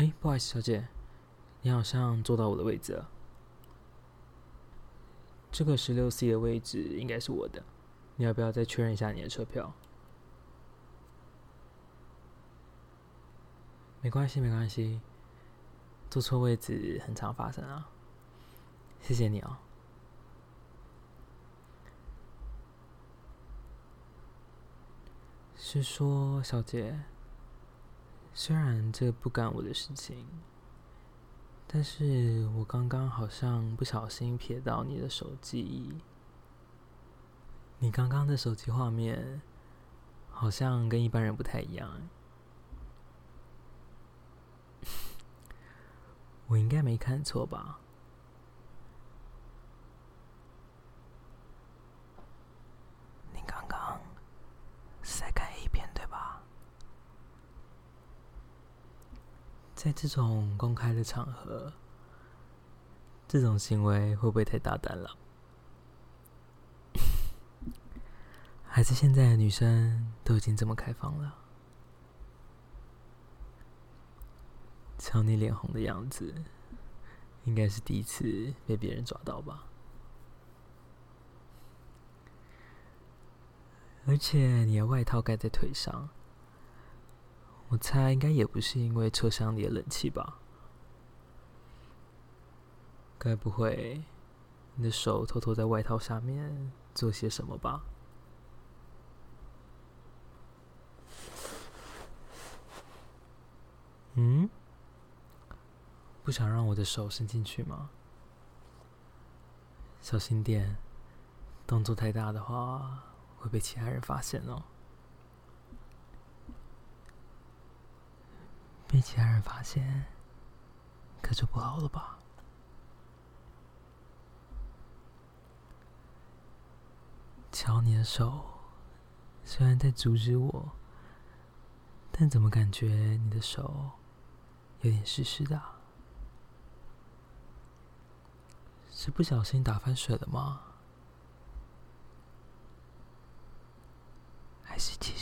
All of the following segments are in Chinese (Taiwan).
哎、欸，不好意思，小姐，你好像坐到我的位置了。這個十六 C 的位置應該是我的，你要不要再確認一下你的車票？沒關係，沒關係，坐錯位置很常發生啊。謝謝你啊、哦。是說，小姐。雖然這不干我的事情，但是我剛剛好像不小心瞥到你的手機，你剛剛的手機畫面好像跟一般人不太一樣，欸， 我應該沒看錯吧？在這種公開的場合，這種行為會不會太大膽了？ 還是現在的女生都已經這麼開放了？瞧你臉紅的樣子，應該是第一次被別人抓到吧？而且你的外套蓋在腿上。我猜應該也不是因為車廂裡的冷氣吧？該不會你的手偷偷在外套下面做些什麼吧？嗯？不想讓我的手伸進去嗎？小心點，動作太大的話會被其他人發現哦。被其他人發現，可就不好了吧？瞧你的手，雖然在阻止我，但怎麼感覺你的手有點濕濕的啊？是不小心打翻水了嗎？還是其實……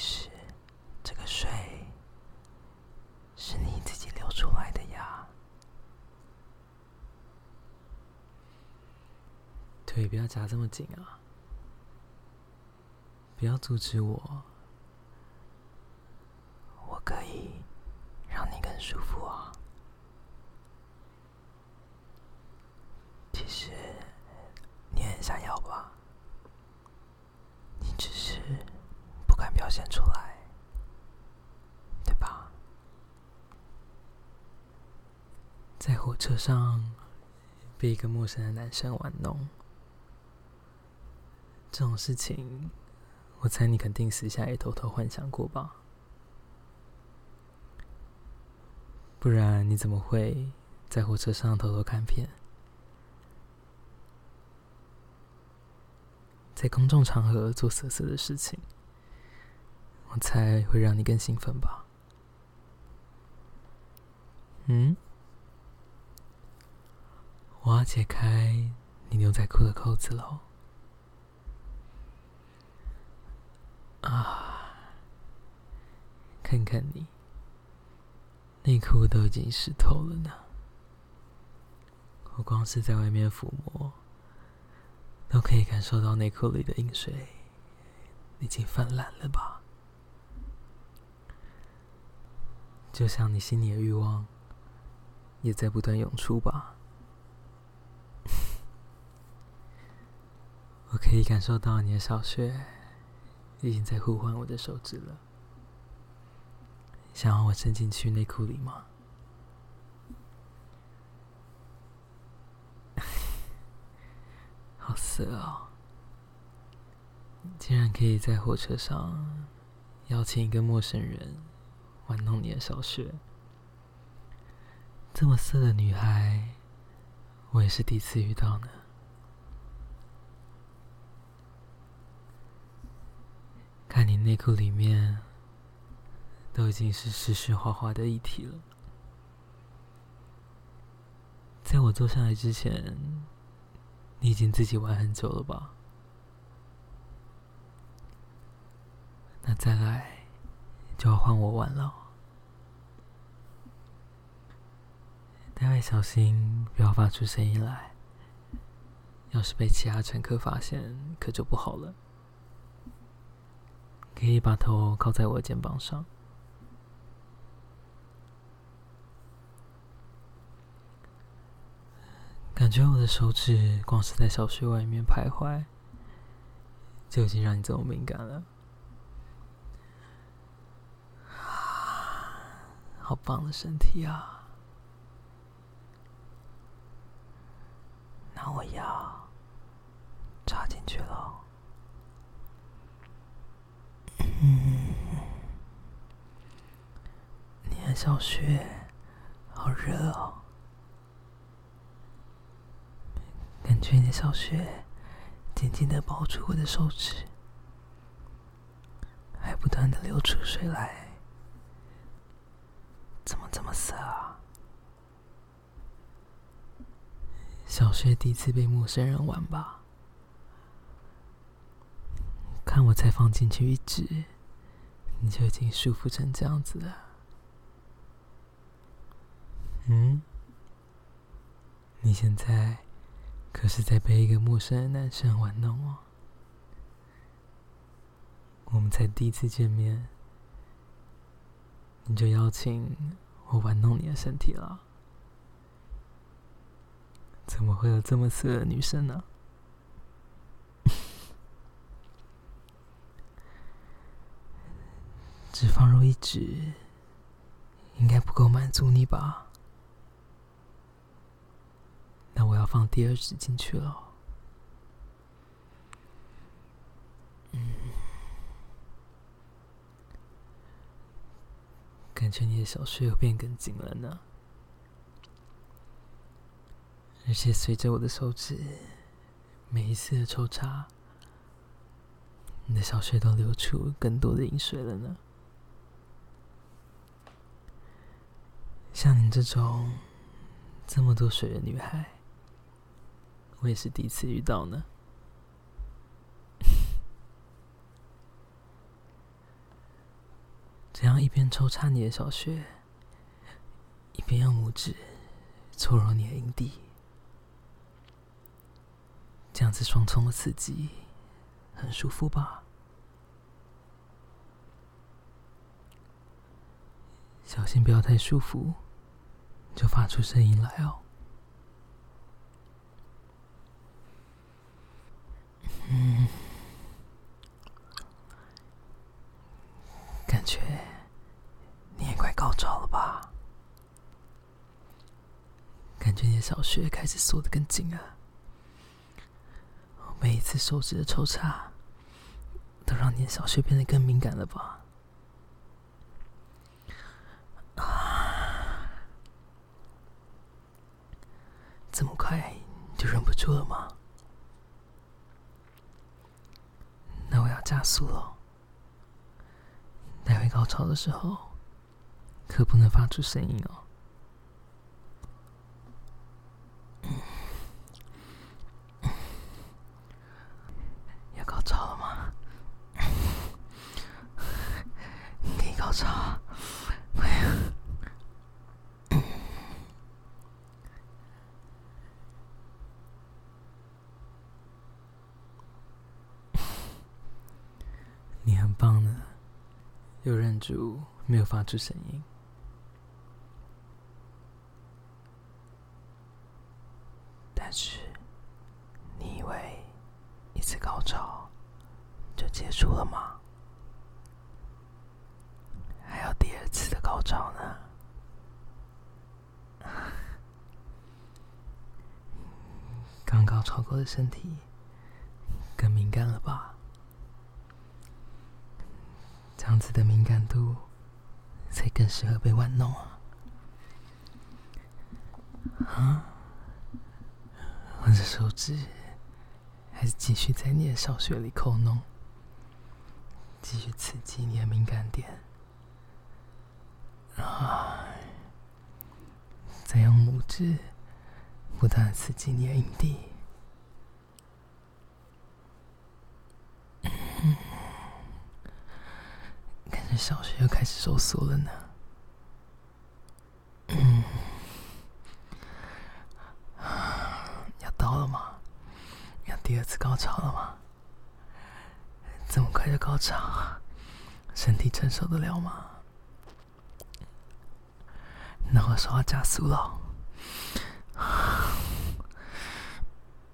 對，不要夾這麼緊啊！不要阻止我，我可以讓你更舒服啊。其實你很想要吧？你只是不敢表現出來，對吧？在火車上被一個陌生的男生玩弄。這種事情，我猜你肯定私下也偷偷幻想過吧，不然你怎麼會在火車上偷偷看片，在公眾場合做色色的事情？我猜會讓你更興奮吧。嗯，我要解開你牛仔褲的扣子嘍。啊！看看你，內褲都已經濕透了呢。我光是在外面撫摸，都可以感受到內褲裡的淫水已經泛濫了吧？就像你心裡的慾望也在不斷湧出吧？ 我可以感受到你的小穴。已經在呼喚我的手指了，想要我伸進去內褲裡嗎？好色哦！竟然可以在火車上邀請一個陌生人玩弄你的小穴，這麼色的女孩，我也是第一次遇到呢。在你內褲裡面，都已經是濕濕滑滑的液體了。在我坐上來之前，你已經自己玩很久了吧？那再來就要換我玩了。待會小心不要發出聲音來，要是被其他乘客發現，可就不好了。可以把頭靠在我的肩膀上，感覺我的手指光是在小穴外面徘徊，就已經讓你這麼敏感了，啊，好棒的身體啊！那我要小穴，好熱哦！感覺你的小穴緊緊的包住我的手指，還不斷的流出水來，怎麼這麼色啊？小穴第一次被陌生人玩吧？看我才放進去一指，你就已經舒服成這樣子了。嗯，你現在可是在被一個陌生的男生玩弄哦。我們才第一次見面，你就邀請我玩弄你的身體了？怎麼會有這麼色的女生呢？只放入一指，應該不夠滿足你吧？放第二指進去了，嗯，感覺你的小穴又變更緊了呢，而且隨着我的手指每一次的抽插，你的小穴都流出更多的淫水了呢。像你這種這麼多水的女孩。我也是第一次遇到呢。 這樣一邊抽插你的小穴，一邊用拇指搓揉你的陰蒂，這樣子雙重的刺激很舒服吧？小心不要太舒服，就發出聲音來哦。高潮了吧？感覺你的小穴開始縮得更緊了啊。每一次手指的抽插，都讓你的小穴變得更敏感了吧？啊！這麼快就忍不住了嗎？那我要加速了。待會高潮的時候。可不能發出聲音哦！ 要高潮了嗎？ 你可以高潮啊！ 你很棒呢，又忍住沒有發出聲音。找呢？剛剛超過的身體更敏感了吧？這樣子的敏感度才更適合被玩弄啊！啊，我的手指還是繼續在你的小穴裡扣弄，繼續刺激你的敏感點。啊！再用拇指不斷刺激你的陰蒂，感覺 小穴又開始收縮了呢。嗯， 要到了嗎？要第二次高潮了嗎？這麼快就高潮，身體承受得了嗎？那我說話加速了，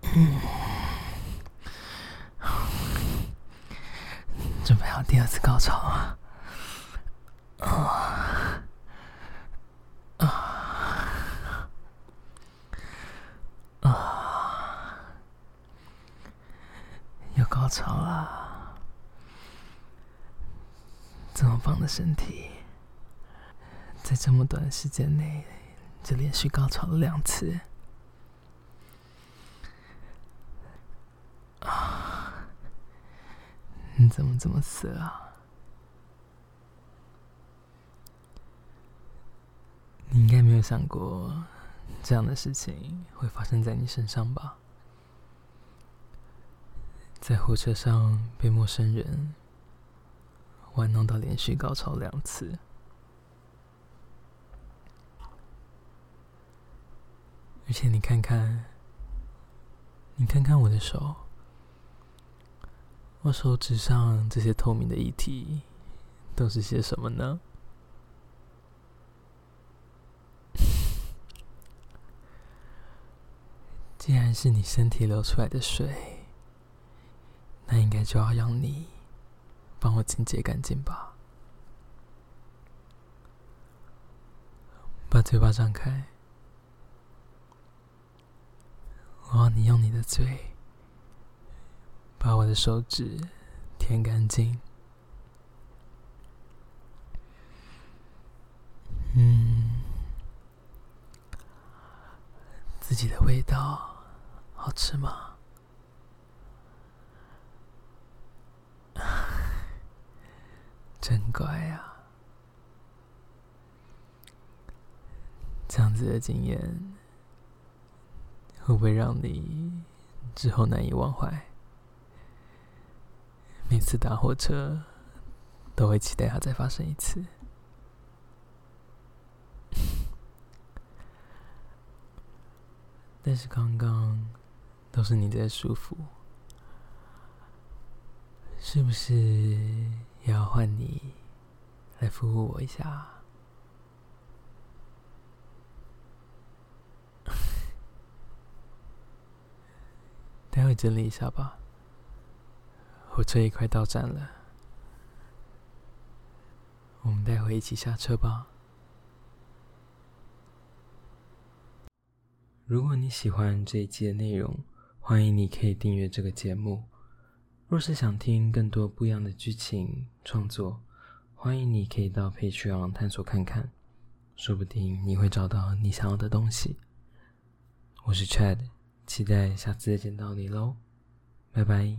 嗯，準備好第二次高潮啊！啊啊啊！有、哦哦、高潮啊！這麼棒的身體！在這麼短的時間內就連續高潮了兩次，啊！你怎麼這麼色啊？你應該沒有想過這樣的事情會發生在你身上吧？在火車上被陌生人玩弄到連續高潮兩次。而且你看看，你看看我的手，我手指上這些透明的液體都是些什麼呢？ 既然是你身體流出來的水，那應該就要讓你幫我清潔乾淨吧？把嘴巴張開。你用你的嘴把我的手指舔乾淨。嗯，自己的味道好吃嗎？真乖呀，啊！這樣子的經驗，會不會讓你之後難以忘懷？每次搭火車都會期待它再發生一次。但是剛剛都是你在舒服，是不是也要換你來服務我一下？待會整理一下吧。火車也快到站了，我們待會一起下車吧。如果你喜歡這一期的內容，歡迎你可以訂閱這個節目。若是想聽更多不一樣的劇情創作，歡迎你可以到 Patreon 探索看看，說不定你會找到你想要的東西。我是 Chad。期待下次見到你嘍，拜拜。